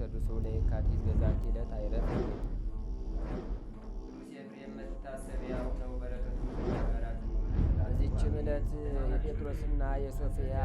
ተሰርሶ ለየካቲት በዛቲ ዕለት አይረት ቅዱስ ኤፍሬም በዚችም ዕለት የጴጥሮስና የሶፊያ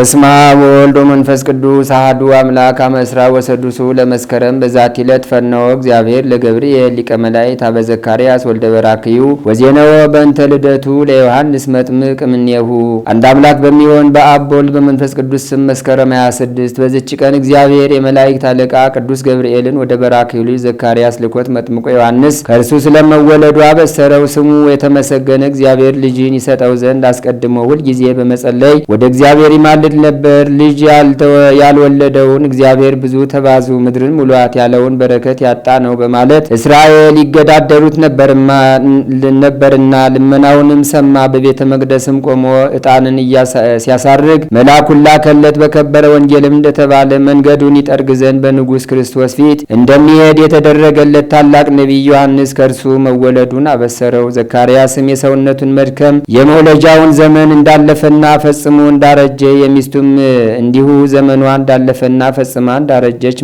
በስማ ወወልዶ መንፈስ ቅዱስ አህዱ አምላክ አመስራ ወሰዱሱ ለመስከረም በዛቲ ዕለት ፈነወ እግዚአብሔር ለገብርኤል ሊቀ መላእክት ዘካርያስ ወልደ በራክዩ ወዜነወ በእንተ ልደቱ ለዮሐንስ መጥምቅ እምኔሁ። አንድ አምላክ በሚሆን በአብ በመንፈስ ቅዱስ ስም መስከረም 26 በዚች ቀን እግዚአብሔር የመላእክት አለቃ ቅዱስ ገብርኤልን ወደ በራክዩ ልጅ ዘካርያስ ልኮት መጥምቆ ዮሐንስ ከእርሱ ስለመወለዱ አበሰረው። ስሙ የተመሰገነ እግዚአብሔር ልጅን ይሰጠው ዘንድ አስቀድሞ ሁልጊዜ በመጸለይ ወደ እግዚአብሔር ይማል ያድል ነበር። ልጅ ያልወለደውን እግዚአብሔር ብዙ ተባዙ ምድርን ሙሏት ያለውን በረከት ያጣ ነው በማለት እስራኤል ይገዳደሩት ነበርና ልመናውንም ሰማ። በቤተ መቅደስም ቆሞ ዕጣንን ሲያሳርግ መልአኩን ላከለት። በከበረ ወንጌልም እንደተባለ መንገዱን ይጠርግ ዘንድ በንጉሥ ክርስቶስ ፊት እንደሚሄድ የተደረገለት ታላቅ ነቢይ ዮሐንስ ከእርሱ መወለዱን አበሰረው። ዘካርያስም የሰውነቱን መድከም የመውለጃውን ዘመን እንዳለፈና ፈጽሞ እንዳረጀ የሚ ሚስቱም እንዲሁ ዘመኗ እንዳለፈና ፈጽማ እንዳረጀች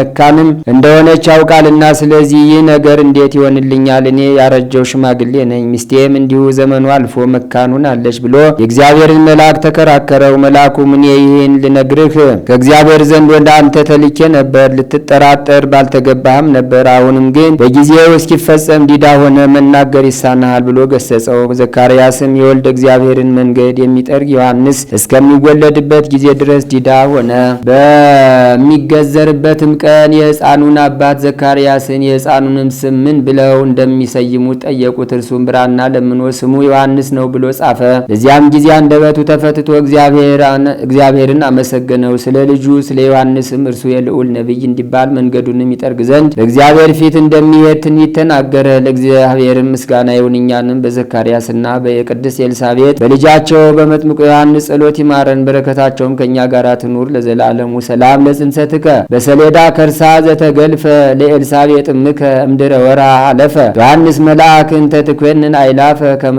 መካንም እንደሆነች ያውቃልና፣ ስለዚህ ይህ ነገር እንዴት ይሆንልኛል? እኔ ያረጀው ሽማግሌ ነኝ፣ ሚስቴም እንዲሁ ዘመኗ አልፎ መካኑን አለች ብሎ የእግዚአብሔርን መልአክ ተከራከረው። መልአኩም እኔ ይህን ልነግርህ ከእግዚአብሔር ዘንድ ወደ አንተ ተልኬ ነበር፣ ልትጠራጠር ባልተገባህም ነበር። አሁንም ግን በጊዜው እስኪፈጸም ዲዳ ሆነ መናገር ይሳናሃል ብሎ ገሰጸው። ዘካርያስም የወልደ እግዚአብሔርን መንገድ የሚጠርግ ዮሐንስ እስከሚወለድበት ጊዜ ድረስ ዲዳ ሆነ። በሚገዘርበትም ቀን የሕፃኑን አባት ዘካርያስን የሕፃኑንም ስም ምን ብለው እንደሚሰይሙት ጠየቁት። እርሱም ብራና ለምኖ ስሙ ዮሐንስ ነው ብሎ ጻፈ። በዚያም ጊዜ አንደበቱ ተፈትቶ እግዚአብሔርን አመሰገነው። ስለ ልጁ ስለ ዮሐንስም እርሱ የልዑል ነቢይ እንዲባል መንገዱንም ይጠርግ ዘንድ በእግዚአብሔር ፊት እንደሚሄድ ትንቢት ተናገረ። ለእግዚአብሔርም ምስጋና ይሁን እኛንም በዘካርያስና በቅድስት ኤልሳቤት በልጃቸው በመጥምቁ ዮሐንስ ጸሎት ይማረን፣ በረከታቸውም ከእኛ ጋር ትኑር ለዘላለሙ። ሰላም ለጽንሰትከ በሰሌዳ ከርሳ ዘተገልፈ ለኤልሳቤጥ እምከ እምድረ ወራ አለፈ ዮሐንስ መልአክ እንተ ትኮንን አይላፈ ከመ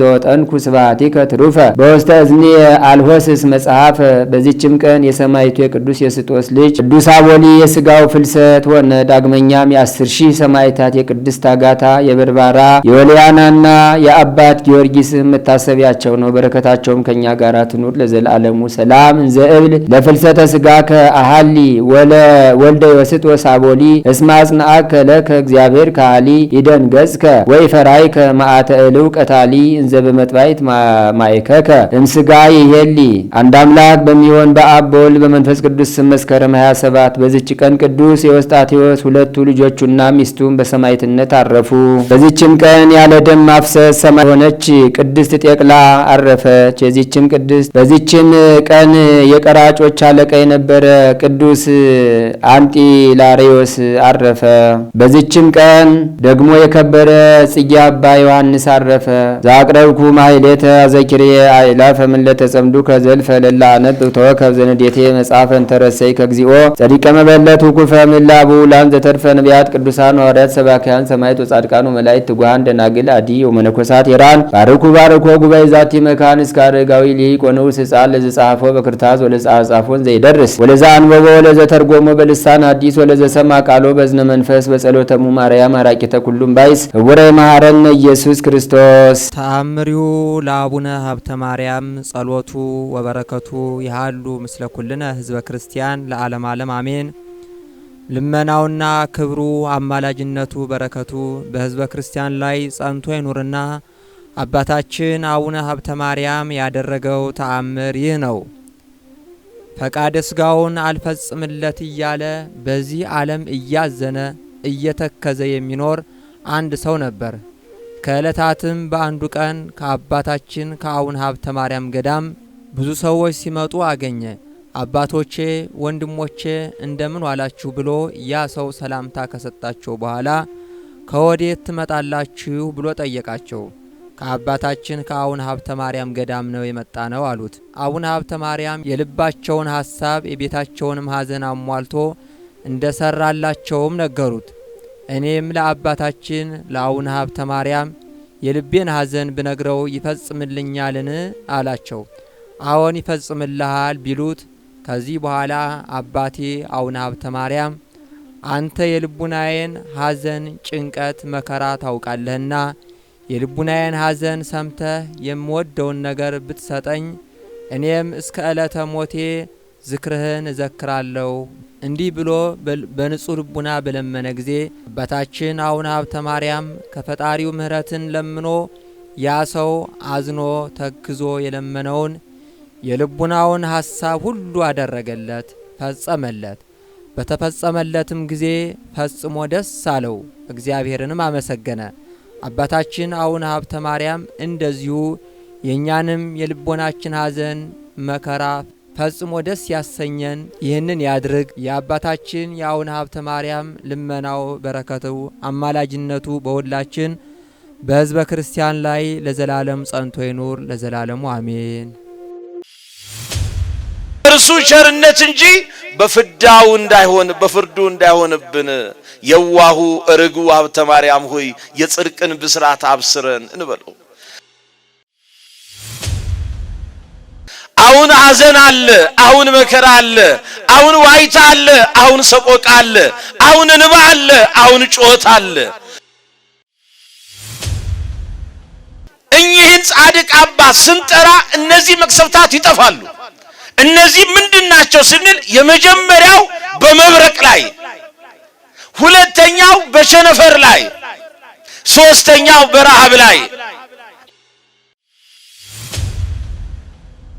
ዘወጠንኩ ስብሐቲከ ትሩፈ በውስተ እዝኒ አልሆስስ መጽሐፈ። በዚችም ቀን የሰማይቱ የቅዱስ የስጦስ ልጅ ቅዱስ አቦሊ የስጋው ፍልሰት ሆነ። ዳግመኛም የአስር ሺህ ሰማይታት የቅድስት አጋታ የበርባራ የወልያናና የአባት ጊዮርጊስ መታሰቢያቸው ነው። በረከታቸውም ከእኛ ጋር ትኑር ትኑር ለዘላለሙ ሰላም እንዘ ለፍልሰተ ስጋ ከአሃሊ ወልደ ወስጥ ወሳቦሊ እስማ ከለ ከእግዚአብሔር ካሊ ይደን ገጽከ ወይ ፈራይ ከማአተ እልው ቀታሊ እንዘ በመጥባይት ማይከከ እምስጋ ይሄሊ አንድ አምላክ በሚሆን በአብ በወልድ በመንፈስ ቅዱስ ስም መስከረም 27 በዚች ቀን ቅዱስ የወስጣቴዎስ ሁለቱ ልጆቹና ሚስቱን በሰማይትነት አረፉ። በዚችም ቀን ያለ ደም ማፍሰስ ሰማይ ሆነች ቅድስት ጤቅላ አረፈች። የዚችም ቅድስ ቅድስት። በዚችም ቀን የቀራጮች አለቃ የነበረ ቅዱስ አንጢላሪዮስ አረፈ። በዚችም ቀን ደግሞ የከበረ ጽጌ አባ ዮሐንስ አረፈ። ዛቅረብኩ ማይሌተ ዘኪርየ አይላፈ ምለተ ጸምዱ ከዘልፈ ለላ ነጥብ ተወከብ ዘነዴቴ መጽሐፈን ተረሰይ ከግዚኦ ጸዲቀ መበለት ኩፈ ምላቡ ላን ዘተርፈ ነቢያት ቅዱሳን ሐዋርያት ሰባኪያን ሰማይት ወጻድቃኑ መላይት ትጉሃን ደናግል አዲ ወመነኮሳት የራን ባርኩ ባርኮ ጉባኤ ዛቲ መካን እስከ አረጋዊ ሊቆ ወንዑስ ሕፃን ጻፎ በክርታዝ ወለዛ ጻፎን ዘይደርስ ወለዛ አንበቦ ወለዘ ተርጎሞ በልሳን አዲስ ወለዘ ሰማ ቃሎ በዝነ መንፈስ በጸሎተሙ ማርያም አራቂተ ኩሉም ባይስ ህቡረ ማረነ ኢየሱስ ክርስቶስ ተአምሪው ለአቡነ ሀብተ ማርያም ጸሎቱ ወበረከቱ ይሃሉ ምስለ ኩልነ ህዝበ ክርስቲያን ለዓለም ዓለም አሜን። ልመናውና ክብሩ አማላጅነቱ በረከቱ በህዝበ ክርስቲያን ላይ ጸንቶ ይኑርና አባታችን አቡነ ሀብተ ማርያም ያደረገው ተአምር ይህ ነው። ፈቃደ ስጋውን አልፈጽምለት እያለ በዚህ ዓለም እያዘነ እየተከዘ የሚኖር አንድ ሰው ነበር። ከዕለታትም በአንዱ ቀን ከአባታችን ከአቡነ ሀብተ ማርያም ገዳም ብዙ ሰዎች ሲመጡ አገኘ። አባቶቼ ወንድሞቼ፣ እንደምን ዋላችሁ ብሎ ያ ሰው ሰላምታ ከሰጣቸው በኋላ ከወዴት ትመጣላችሁ ብሎ ጠየቃቸው። ከአባታችን ከአቡነ ሀብተ ማርያም ገዳም ነው የመጣ ነው አሉት። አቡነ ሀብተ ማርያም የልባቸውን ሐሳብ የቤታቸውንም ሐዘን አሟልቶ እንደ ነገሩት። እኔም ለአባታችን ለአቡነ ሀብተ ማርያም የልቤን ሐዘን ብነግረው ይፈጽምልኛልን? አላቸው። አዎን ይፈጽምልሃል ቢሉት ከዚህ በኋላ አባቴ አቡነ ሀብተ ማርያም አንተ የልቡናዬን ሐዘን፣ ጭንቀት፣ መከራ ታውቃለህና የልቡናዬን ሐዘን ሰምተህ የምወደውን ነገር ብትሰጠኝ እኔም እስከ ዕለተ ሞቴ ዝክርህን እዘክራለሁ። እንዲህ ብሎ በንጹሕ ልቡና በለመነ ጊዜ አባታችን አቡነ ሀብተ ማርያም ከፈጣሪው ምሕረትን ለምኖ ያ ሰው አዝኖ ተክዞ የለመነውን የልቡናውን ሐሳብ ሁሉ አደረገለት፣ ፈጸመለት። በተፈጸመለትም ጊዜ ፈጽሞ ደስ አለው፣ እግዚአብሔርንም አመሰገነ። አባታችን አቡነ ሀብተ ማርያም እንደዚሁ የእኛንም የልቦናችን ሐዘን መከራ ፈጽሞ ደስ ያሰኘን ይህንን ያድርግ። የአባታችን የአቡነ ሀብተ ማርያም ልመናው፣ በረከቱ፣ አማላጅነቱ በሁላችን በሕዝበ ክርስቲያን ላይ ለዘላለም ጸንቶ ይኑር። ለዘላለሙ አሜን። በእርሱ ቸርነት እንጂ በፍዳው እንዳይሆን በፍርዱ እንዳይሆንብን የዋሁ ርግቡ ሀብተ ማርያም ሆይ የጽድቅን ብስራት አብስረን እንበለው። አሁን አዘን አለ፣ አሁን መከራ አለ፣ አሁን ዋይታ አለ፣ አሁን ሰቆቃ አለ፣ አሁን እንባ አለ፣ አሁን ጩኸት አለ። እኚህን ጻድቅ አባት ስንጠራ እነዚህ መቅሰፍታት ይጠፋሉ። እነዚህ ምንድን ናቸው ስንል የመጀመሪያው በመብረቅ ላይ፣ ሁለተኛው በቸነፈር ላይ፣ ሶስተኛው በረሃብ ላይ።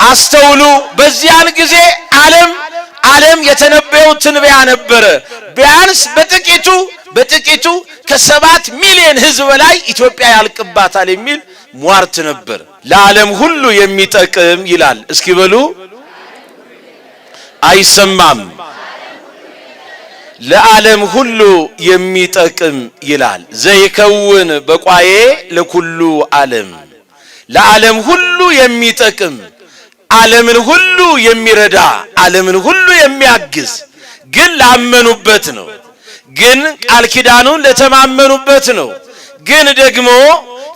አስተውሉ። በዚያን ጊዜ ዓለም ዓለም የተነበየው ትንበያ ነበረ። ቢያንስ በጥቂቱ በጥቂቱ ከሰባት ሚሊዮን ሕዝብ በላይ ኢትዮጵያ ያልቅባታል የሚል ሟርት ነበር። ለዓለም ሁሉ የሚጠቅም ይላል። እስኪ በሉ አይሰማም፣ ለዓለም ሁሉ የሚጠቅም ይላል። ዘይከውን በቋዬ ለኩሉ ዓለም፣ ለዓለም ሁሉ የሚጠቅም ዓለምን ሁሉ የሚረዳ ዓለምን ሁሉ የሚያግዝ ግን ላመኑበት ነው። ግን ቃል ኪዳኑን ለተማመኑበት ነው። ግን ደግሞ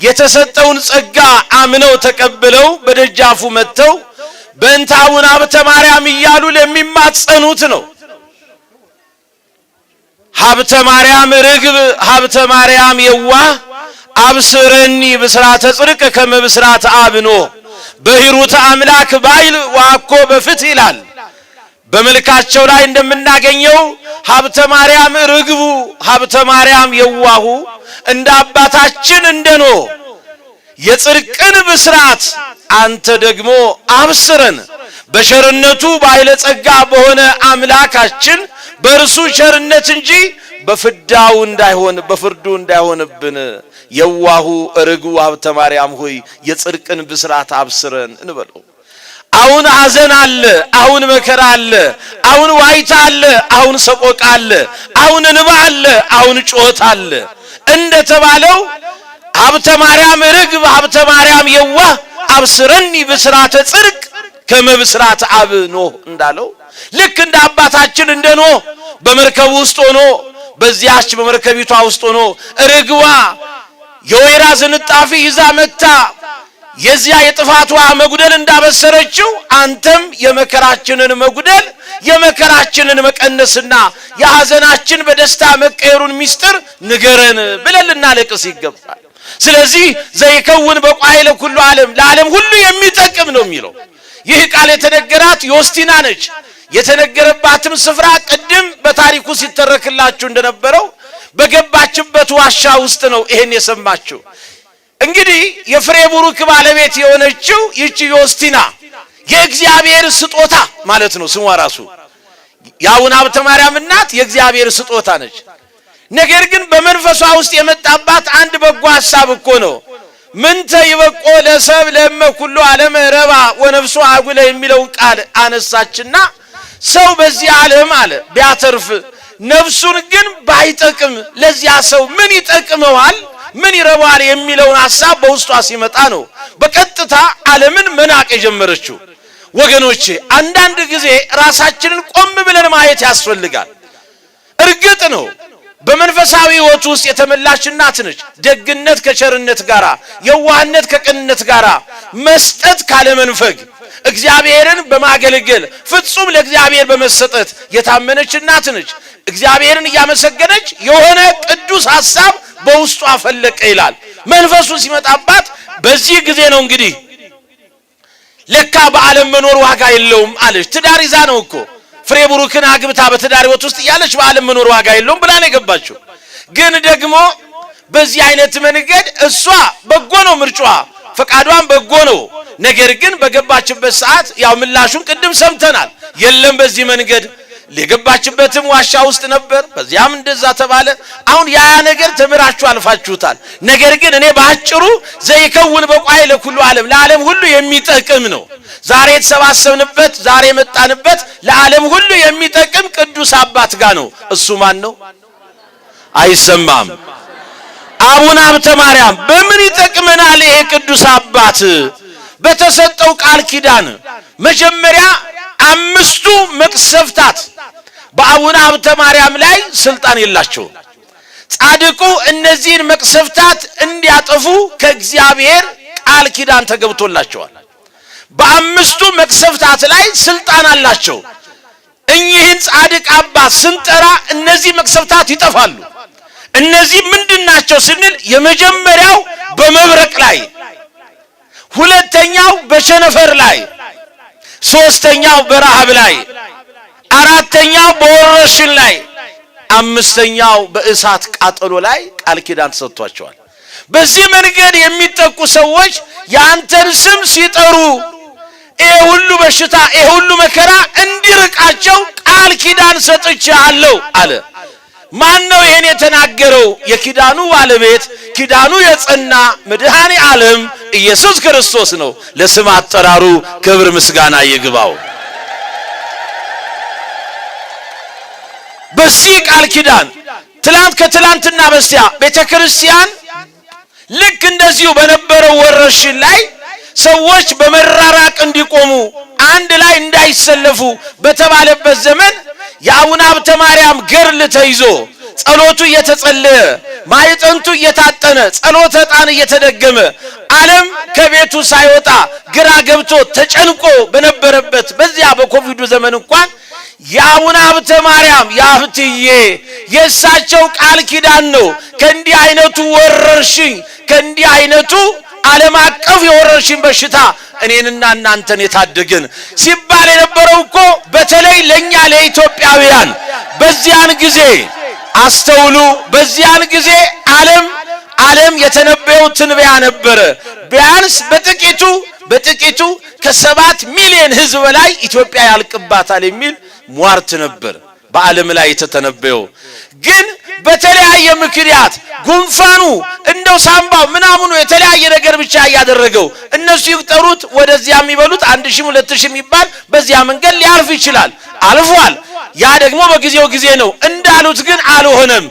የተሰጠውን ጸጋ አምነው ተቀብለው በደጃፉ መጥተው በእንታውን ሀብተ ማርያም እያሉ ለሚማጸኑት ነው። ሀብተ ማርያም ርግብ፣ ሀብተ ማርያም የዋህ አብስረኒ ብስራተ ጽድቅ ከመ ብስራተ አብኖ በሂሩተ አምላክ ባይል ዋኮ በፍት ይላል። በመልካቸው ላይ እንደምናገኘው ሀብተ ማርያም ርግቡ፣ ሀብተ ማርያም የዋሁ እንደ አባታችን እንደ ኖህ የጽድቅን ብስራት አንተ ደግሞ አብስረን በቸርነቱ ባይለ ጸጋ በሆነ አምላካችን በእርሱ ቸርነት እንጂ በፍዳው እንዳይሆን በፍርዱ እንዳይሆንብን የዋሁ ርጉ ሀብተ ማርያም ሆይ የጽድቅን ብስራት አብስረን እንበለው። አሁን አዘን አለ፣ አሁን መከራ አለ፣ አሁን ዋይታ አለ፣ አሁን ሰቆቃ አለ፣ አሁን እንባ አለ፣ አሁን ጩኸት አለ እንደተባለው ሀብተ ማርያም ርግብ ሀብተ ማርያም የዋህ አብስረኒ ብስራተ ጽርቅ ከመብስራት አብ ኖህ እንዳለው ልክ እንደ አባታችን እንደ ኖ በመርከብ ውስጥ ሆኖ በዚያች በመርከቢቷ ውስጥ ሆኖ ርግቧ የወይራ ዝንጣፊ ይዛ መታ የዚያ የጥፋቷ መጉደል እንዳበሰረችው አንተም የመከራችንን መጉደል የመከራችንን መቀነስና የሐዘናችን በደስታ መቀየሩን ሚስጥር ንገረን ብለን ልናለቅስ ይገባል። ስለዚህ ዘይከውን በቋይለ ኩሉ ዓለም ለዓለም ሁሉ የሚጠቅም ነው የሚለው ይህ ቃል የተነገራት ዮስቲና ነች። የተነገረባትም ስፍራ ቅድም በታሪኩ ሲተረክላችሁ እንደነበረው በገባችበት ዋሻ ውስጥ ነው ይሄን የሰማችው። እንግዲህ የፍሬ ቡሩክ ባለቤት የሆነችው ይቺ ዮስቲና የእግዚአብሔር ስጦታ ማለት ነው ስሟ ራሱ የአቡነ ሀብተ ማርያም እናት የእግዚአብሔር ስጦታ ነች። ነገር ግን በመንፈሷ ውስጥ የመጣባት አንድ በጎ ሐሳብ እኮ ነው። ምንተ ይበቆ ለሰብ ለመ ኩሉ ዓለም ረባ ወነፍሱ አጉለ የሚለውን ቃል አነሳችና ሰው በዚህ ዓለም አለ ቢያተርፍ ነፍሱን ግን ባይጠቅም ለዚያ ሰው ምን ይጠቅመዋል? ምን ይረባዋል? የሚለውን ሐሳብ በውስጧ ሲመጣ ነው በቀጥታ ዓለምን መናቅ የጀመረችው። ወገኖች አንዳንድ ጊዜ ራሳችንን ቆም ብለን ማየት ያስፈልጋል። እርግጥ ነው በመንፈሳዊ ህይወት ውስጥ የተመላች እናት ነች። ደግነት ከቸርነት ጋራ፣ የዋህነት ከቅንነት ጋራ፣ መስጠት ካለመንፈግ እግዚአብሔርን በማገልገል ፍጹም ለእግዚአብሔር በመሰጠት የታመነች እናት ነች። እግዚአብሔርን እያመሰገነች የሆነ ቅዱስ ሐሳብ በውስጧ ፈለቀ ይላል። መንፈሱ ሲመጣባት በዚህ ጊዜ ነው እንግዲህ ለካ በዓለም መኖር ዋጋ የለውም አለች። ትዳር ይዛ ነው እኮ ፍሬ ቡሩክን አግብታ በትዳር ህይወት ውስጥ እያለች በዓለም መኖር ዋጋ የለውም ብላ ነው የገባችው። ግን ደግሞ በዚህ አይነት መንገድ እሷ በጎ ነው ምርጫዋ፣ ፈቃዷን በጎ ነው። ነገር ግን በገባችበት ሰዓት ያው ምላሹን ቅድም ሰምተናል። የለም በዚህ መንገድ የገባችበትም ዋሻ ውስጥ ነበር። በዚያም እንደዛ ተባለ። አሁን ያ ነገር ተምራችሁ አልፋችሁታል። ነገር ግን እኔ በአጭሩ ዘይከውን በቋይ ለኩሉ ዓለም ለዓለም ሁሉ የሚጠቅም ነው። ዛሬ የተሰባሰብንበት ዛሬ የመጣንበት ለዓለም ሁሉ የሚጠቅም ቅዱስ አባት ጋር ነው። እሱ ማን ነው? አይሰማም። አቡነ አብተ ማርያም በምን ይጠቅመናል? ይሄ ቅዱስ አባት በተሰጠው ቃል ኪዳን መጀመሪያ አምስቱ መቅሰፍታት በአቡነ ሀብተ ማርያም ላይ ስልጣን የላቸው። ጻድቁ እነዚህን መቅሰፍታት እንዲያጠፉ ከእግዚአብሔር ቃል ኪዳን ተገብቶላቸዋል። በአምስቱ መቅሰፍታት ላይ ስልጣን አላቸው። እኚህን ጻድቅ አባት ስንጠራ እነዚህ መቅሰፍታት ይጠፋሉ። እነዚህ ምንድን ናቸው ስንል የመጀመሪያው በመብረቅ ላይ፣ ሁለተኛው በቸነፈር ላይ፣ ሶስተኛው በረሃብ ላይ አራተኛው በወረርሽኝ ላይ፣ አምስተኛው በእሳት ቃጠሎ ላይ ቃል ኪዳን ተሰጥቷቸዋል። በዚህ መንገድ የሚጠቁ ሰዎች የአንተን ስም ሲጠሩ ይሄ ሁሉ በሽታ ይሄ ሁሉ መከራ እንዲርቃቸው ቃል ኪዳን ሰጥቼአለሁ አለ። ማን ነው ይሄን የተናገረው? የኪዳኑ ባለቤት ኪዳኑ የጸና መድኃኔ ዓለም ኢየሱስ ክርስቶስ ነው። ለስም አጠራሩ ክብር ምስጋና ይግባው። በዚህ ቃል ኪዳን ትላንት ከትላንትና በስቲያ ቤተ ክርስቲያን ልክ እንደዚሁ በነበረው ወረርሽኝ ላይ ሰዎች በመራራቅ እንዲቆሙ አንድ ላይ እንዳይሰለፉ በተባለበት ዘመን የአቡነ ሀብተ ማርያም ገድል ተይዞ ጸሎቱ እየተጸለየ ማይጠንቱ እየታጠነ ጸሎተ ዕጣን እየተደገመ ዓለም ከቤቱ ሳይወጣ ግራ ገብቶ ተጨንቆ በነበረበት በዚያ በኮቪዱ ዘመን እንኳን የአቡነ ሀብተ ማርያም የሀብትዬ የእሳቸው ቃል ኪዳን ነው። ከእንዲህ አይነቱ ወረርሽኝ ከእንዲህ አይነቱ ዓለም አቀፍ የወረርሽኝ በሽታ እኔንና እናንተን የታደገን ሲባል የነበረው እኮ በተለይ ለእኛ ለኢትዮጵያውያን በዚያን ጊዜ አስተውሉ። በዚያን ጊዜ ዓለም ዓለም የተነበየው ትንበያ ነበረ። ቢያንስ በጥቂቱ በጥቂቱ ከሰባት ሚሊዮን ሕዝብ በላይ ኢትዮጵያ ያልቅባታል የሚል ሟርት ነበር በዓለም ላይ የተተነበየው። ግን በተለያየ ምክንያት ጉንፋኑ እንደው ሳምባው ምናምኑ የተለያየ ነገር ብቻ እያደረገው እነሱ ይቁጠሩት ወደዚያ የሚበሉት አንድ ሺህም ሁለት የሚባል በዚያ መንገድ ሊያርፍ ይችላል። አልፏል። ያ ደግሞ በጊዜው ጊዜ ነው እንዳሉት ግን አልሆነም።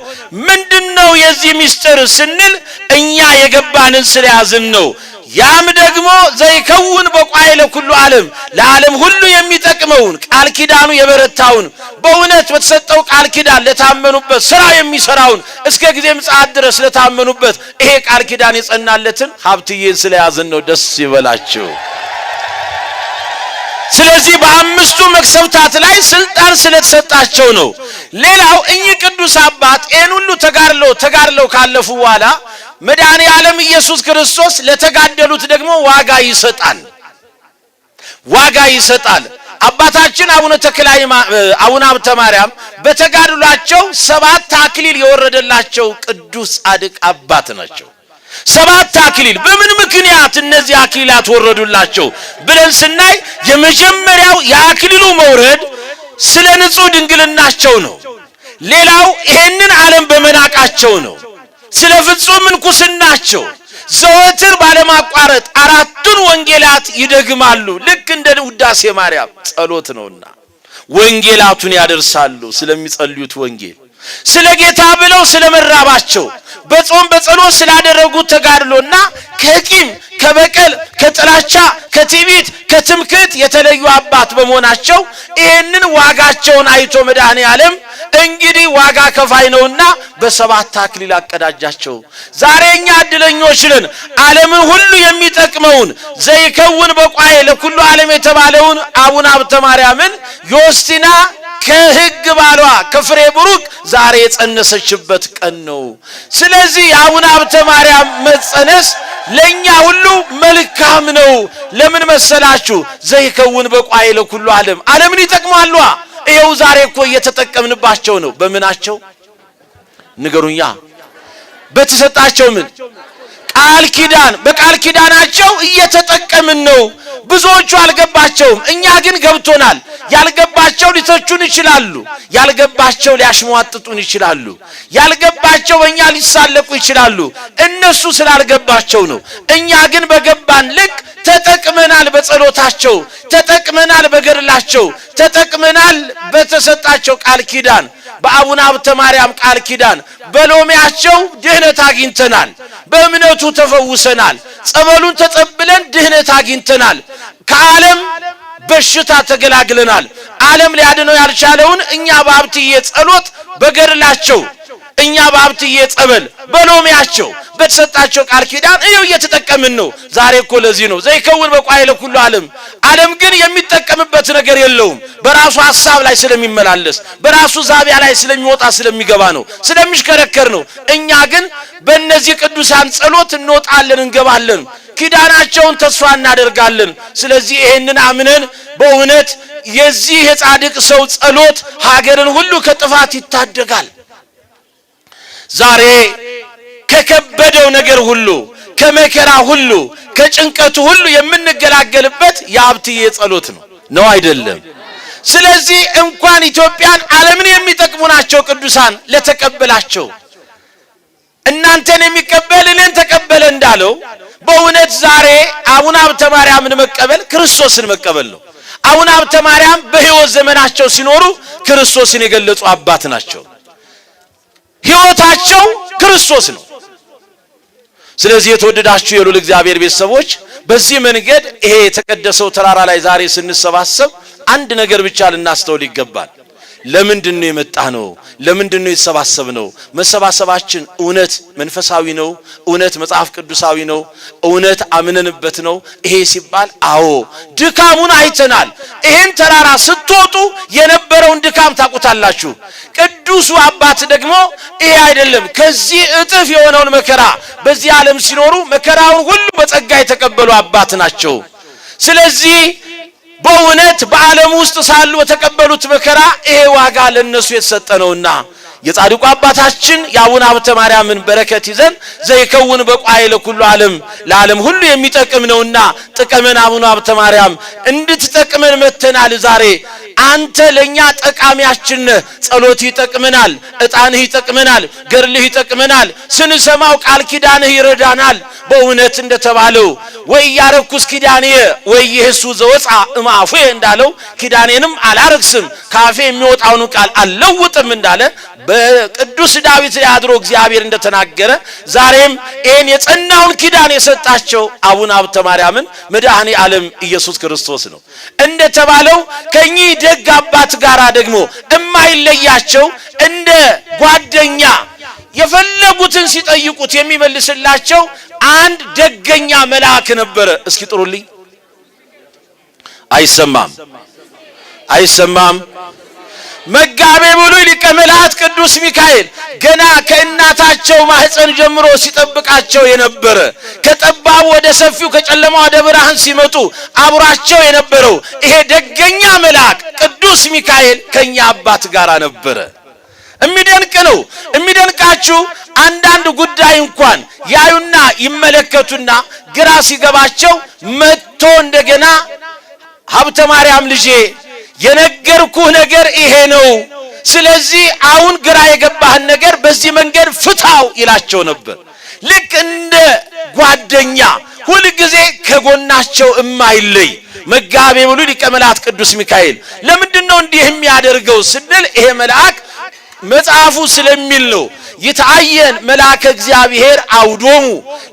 ምንድነው የዚህ ሚስጥር ስንል እኛ የገባንን ስለያዝን ነው። ያም ደግሞ ዘይከውን በቋይለ ኩሉ ዓለም ለዓለም ሁሉ የሚጠቅመውን ቃል ኪዳኑ የበረታውን በእውነት በተሰጠው ቃል ኪዳን ለታመኑበት ስራ የሚሰራውን እስከ ጊዜ ምጽአት ድረስ ለታመኑበት ይሄ ቃል ኪዳን የጸናለትን ሀብትዬን ስለያዝን ነው። ደስ ይበላችሁ። ስለዚህ በአምስቱ መቅሰፍታት ላይ ስልጣን ስለተሰጣቸው ነው። ሌላው እኚህ ቅዱስ አባት ይህን ሁሉ ተጋድለው ተጋድለው ካለፉ በኋላ መድኃኔ ዓለም ኢየሱስ ክርስቶስ ለተጋደሉት ደግሞ ዋጋ ይሰጣል፣ ዋጋ ይሰጣል። አባታችን አቡነ ተክላይ አቡነ ሀብተ ማርያም በተጋድሏቸው ሰባት አክሊል የወረደላቸው ቅዱስ ጻድቅ አባት ናቸው። ሰባት አክሊል በምን ምክንያት እነዚህ አክሊላት ወረዱላቸው ብለን ስናይ የመጀመሪያው የአክሊሉ መውረድ ስለ ንጹህ ድንግልናቸው ነው። ሌላው ይሄንን ዓለም በመናቃቸው ነው። ስለ ፍጹም ምንኩስናቸው ዘወትር ባለማቋረጥ አራቱን ወንጌላት ይደግማሉ። ልክ እንደ ውዳሴ ማርያም ጸሎት ነውና ወንጌላቱን ያደርሳሉ ስለሚጸልዩት ወንጌል ስለ ጌታ ብለው ስለ መራባቸው በጾም በጸሎት ስላደረጉት ተጋድሎና ከቂም ከበቀል ከጥላቻ ከትዕቢት ከትምክት የተለዩ አባት በመሆናቸው ይህንን ዋጋቸውን አይቶ መድኃኔ ዓለም እንግዲህ ዋጋ ከፋይ ነውና በሰባት አክሊል አቀዳጃቸው። ዛሬ እኛ እድለኞች ነን። ዓለምን ሁሉ የሚጠቅመውን ዘይከውን በቋዬ ለኩሉ ዓለም የተባለውን አቡነ አብተማርያምን ማርያምን ዮስቲና ከህግ ባሏ ከፍሬ ብሩክ ዛሬ የጸነሰችበት ቀን ነው። ስለዚህ የአቡነ ሀብተ ማርያም መጸነስ ለእኛ ሁሉ መልካም ነው። ለምን መሰላችሁ? ዘይከውን በቋይ ለኩሉ አለም አለምን ይጠቅማሉ። ይኸው ዛሬ እኮ እየተጠቀምንባቸው ነው። በምናቸው ንገሩኛ፣ በተሰጣቸው ምን ቃል ኪዳን በቃል ኪዳናቸው እየተጠቀምን ነው። ብዙዎቹ አልገባቸውም፣ እኛ ግን ገብቶናል። ያልገባቸው ሊተቹን ይችላሉ። ያልገባቸው ሊያሽሟጥጡን ይችላሉ። ያልገባቸው በእኛ ሊሳለቁ ይችላሉ። እነሱ ስላልገባቸው ነው። እኛ ግን በገባን ልክ ተጠቅመናል። በጸሎታቸው ተጠቅመናል፣ በገድላቸው ተጠቅመናል፣ በተሰጣቸው ቃል ኪዳን በአቡነ ሀብተ ማርያም ቃል ኪዳን በሎሚያቸው ድህነት አግኝተናል። በእምነቱ ተፈውሰናል። ጸበሉን ተጠብለን ድህነት አግኝተናል። ከዓለም በሽታ ተገላግለናል። ዓለም ሊያድነው ያልቻለውን እኛ በሀብትዬ ጸሎት በገድላቸው እኛ በአብትዬ ጸበል በሎሚያቸው በተሰጣቸው ቃል ኪዳን ይኸው እየተጠቀምን ነው። ዛሬ እኮ ለዚህ ነው ዘይከውን በቋይለ ኩሉ ዓለም ዓለም ግን የሚጠቀምበት ነገር የለውም። በራሱ ሀሳብ ላይ ስለሚመላለስ በራሱ ዛቢያ ላይ ስለሚወጣ ስለሚገባ ነው ስለሚሽከረከር ነው። እኛ ግን በእነዚህ ቅዱሳን ጸሎት እንወጣለን እንገባለን። ኪዳናቸውን ተስፋ እናደርጋለን። ስለዚህ ይሄንን አምነን በእውነት የዚህ የጻድቅ ሰው ጸሎት ሀገርን ሁሉ ከጥፋት ይታደጋል። ዛሬ ከከበደው ነገር ሁሉ ከመከራ ሁሉ ከጭንቀቱ ሁሉ የምንገላገልበት የሀብትዬ ጸሎት ነው ነው አይደለም? ስለዚህ እንኳን ኢትዮጵያን ዓለምን የሚጠቅሙ ናቸው ቅዱሳን ለተቀበላቸው እናንተን የሚቀበል እኔን ተቀበለ እንዳለው በእውነት ዛሬ አቡነ አብተ ማርያምን መቀበል ክርስቶስን መቀበል ነው። አቡነ አብተ ማርያም በሕይወት ዘመናቸው ሲኖሩ ክርስቶስን የገለጹ አባት ናቸው። ህይወታቸው ክርስቶስ ነው። ስለዚህ የተወደዳችሁ የሉል እግዚአብሔር ቤተሰቦች በዚህ መንገድ ይሄ የተቀደሰው ተራራ ላይ ዛሬ ስንሰባሰብ አንድ ነገር ብቻ ልናስተውል ይገባል። ለምንድን ነው የመጣ ነው? ለምንድን ነው የተሰባሰብ ነው? መሰባሰባችን እውነት መንፈሳዊ ነው? እውነት መጽሐፍ ቅዱሳዊ ነው? እውነት አምነንበት ነው? ይሄ ሲባል አዎ ድካሙን አይተናል። ይሄን ተራራ ስትወጡ የነበረውን ድካም ታውቁታላችሁ። ቅዱሱ አባት ደግሞ ይሄ አይደለም ከዚህ እጥፍ የሆነውን መከራ በዚህ ዓለም ሲኖሩ መከራውን ሁሉ በጸጋ የተቀበሉ አባት ናቸው። ስለዚህ በእውነት በዓለም ውስጥ ሳሉ በተቀበሉት መከራ ይሄ ዋጋ ለእነሱ የተሰጠ ነውና የጻድቁ አባታችን የአቡነ ሀብተ ማርያምን በረከት ይዘን ዘይከውን በቋይ ለኩሉ ዓለም ለዓለም ሁሉ የሚጠቅም ነውና ጥቀመን አቡነ ሀብተ ማርያም እንድትጠቅመን መተናል። ዛሬ አንተ ለኛ ጠቃሚያችን ነህ። ጸሎት ይጠቅመናል፣ እጣንህ ይጠቅመናል፣ ገርልህ ይጠቅመናል። ስንሰማው ቃል ኪዳንህ ይረዳናል። በእውነት እንደተባለው ወይ ያረኩስ ኪዳኔ ወይ የሱ ዘወፃ እማፉ እንዳለው ኪዳኔንም አላረክስም ካፌ የሚወጣውን ቃል አልለውጥም እንዳለ በቅዱስ ዳዊት አድሮ እግዚአብሔር እንደተናገረ ዛሬም ይህን የጸናውን ኪዳን የሰጣቸው አቡነ ሀብተ ማርያምን መድኃኔ ዓለም ኢየሱስ ክርስቶስ ነው። እንደተባለው ከኚህ ደግ አባት ጋር ደግሞ እማይለያቸው እንደ ጓደኛ የፈለጉትን ሲጠይቁት የሚመልስላቸው አንድ ደገኛ መልአክ ነበረ። እስኪ ጥሩልኝ። አይሰማም አይሰማም መጋቤ ብሉይ ሊቀ መላእክት ቅዱስ ሚካኤል ገና ከእናታቸው ማህፀን ጀምሮ ሲጠብቃቸው የነበረ ከጠባቡ ወደ ሰፊው ከጨለማ ወደ ብርሃን ሲመጡ አብሯቸው የነበረው ይሄ ደገኛ መልአክ ቅዱስ ሚካኤል ከኛ አባት ጋር ነበረ። እሚደንቅ ነው። እሚደንቃችሁ አንዳንድ ጉዳይ እንኳን ያዩና ይመለከቱና ግራ ሲገባቸው መጥቶ እንደገና ሀብተ ማርያም ልጄ የነገርኩህ ነገር ይሄ ነው። ስለዚህ አሁን ግራ የገባህን ነገር በዚህ መንገድ ፍታው ይላቸው ነበር። ልክ እንደ ጓደኛ ሁልጊዜ ከጎናቸው እማይለይ መጋቤ ብሉይ ሊቀ መላእክት ቅዱስ ሚካኤል። ለምንድን ነው እንዲህ የሚያደርገው ስንል ይሄ መልአክ መጽሐፉ ስለሚል ነው። ይታየን መልአከ እግዚአብሔር አውዶሙ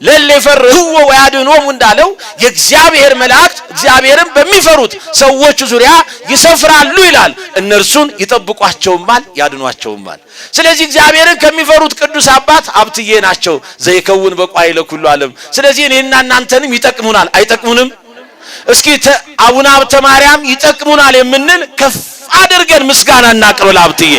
ለለ ይፈርህዎ ወያድኅኖሙ እንዳለው የእግዚአብሔር መላእክት እግዚአብሔርን በሚፈሩት ሰዎች ዙሪያ ይሰፍራሉ ይላል። እነርሱን ይጠብቋቸውማል፣ ያድኗቸውማል። ስለዚህ እግዚአብሔርን ከሚፈሩት ቅዱስ አባት አብትዬ ናቸው። ዘይከውን በቋይለ ኩሉ ዓለም። ስለዚህ እኔና እናንተንም ይጠቅሙናል፣ አይጠቅሙንም? እስኪ አቡነ ሀብተ ማርያም ይጠቅሙናል የምንል ከፍ አድርገን ምስጋና እናቅርብ ለሀብትዬ።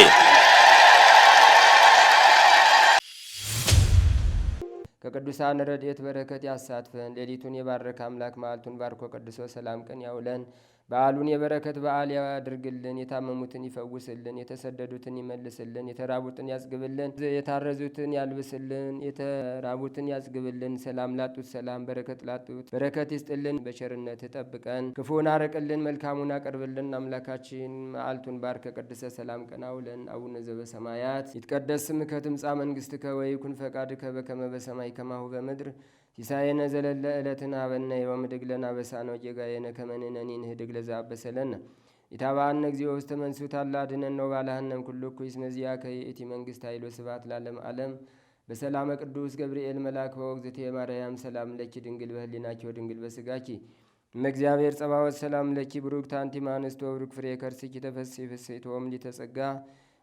በቅዱሳን ረድኤት በረከት ያሳትፈን። ሌሊቱን የባረከ አምላክ መዓልቱን ባርኮ ቀድሶ ሰላም ቀን ያውለን። በዓሉን የበረከት በዓል ያድርግልን። የታመሙትን ይፈውስልን። የተሰደዱትን ይመልስልን። የተራቡትን ያጽግብልን። የታረዙትን ያልብስልን። የተራቡትን ያጽግብልን። ሰላም ላጡት ሰላም፣ በረከት ላጡት በረከት ይስጥልን። በቸርነት ጠብቀን፣ ክፉን አረቅልን፣ መልካሙን አቅርብልን። አምላካችን መዓልቱን ባርከ ቀድሰ ሰላም ቀን አውለን። አቡነ ዘበሰማያት ይትቀደስ ስምከ ትምጻእ ከወይ ወይኩን ፈቃድከ በከመ በሰማይ ከማሁ በምድር ሲሳየነ ዘለለ ዕለትን ሀበነ የወምድግለን አበሳነ ወጌጋየነ ከመንነኒ ንህድግ ለዛ አበሰለነ ኢታባአነ እግዚኦ ውስተ መንሱ ታላድነን ነው ባላህነም ኩሉ ኩይስ መዚያ ከየእቲ መንግስት ኃይሎ ስባት ላለም አለም በሰላመ ቅዱስ ገብርኤል መልአክ በወግዝቴ ማርያም ሰላም ለኪ ድንግል በህሊናኪ ወድንግል በስጋኪ እመእግዚአብሔር ጸባወት ሰላም ለኪ ብሩክ አንቲ እምአንስቶ ብሩክ ፍሬ ከርስኪ ተፈሥሒ ፍሥሕት ሊተጸጋ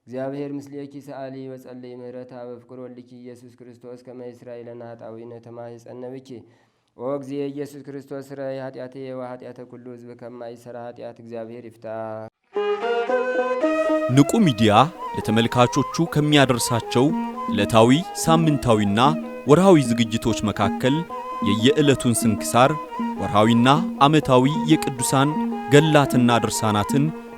እግዚአብሔር ምስሌኪ ሰአሊ በጸለይ ምህረት በፍቅር ወልኪ ኢየሱስ ክርስቶስ ከመ እስራኤልና ሀጣዊነ ተማህ ኦ እግዜ ኢየሱስ ክርስቶስ ስራይ የዋ ወኃጢአተ ኩሉ ህዝብ ከማይሰራ ኃጢአት እግዚአብሔር ይፍታ። ንቁ ሚዲያ ለተመልካቾቹ ከሚያደርሳቸው ዕለታዊ ሳምንታዊና ወርሃዊ ዝግጅቶች መካከል የየዕለቱን ስንክሳር ወርሃዊና ዓመታዊ የቅዱሳን ገላትና ድርሳናትን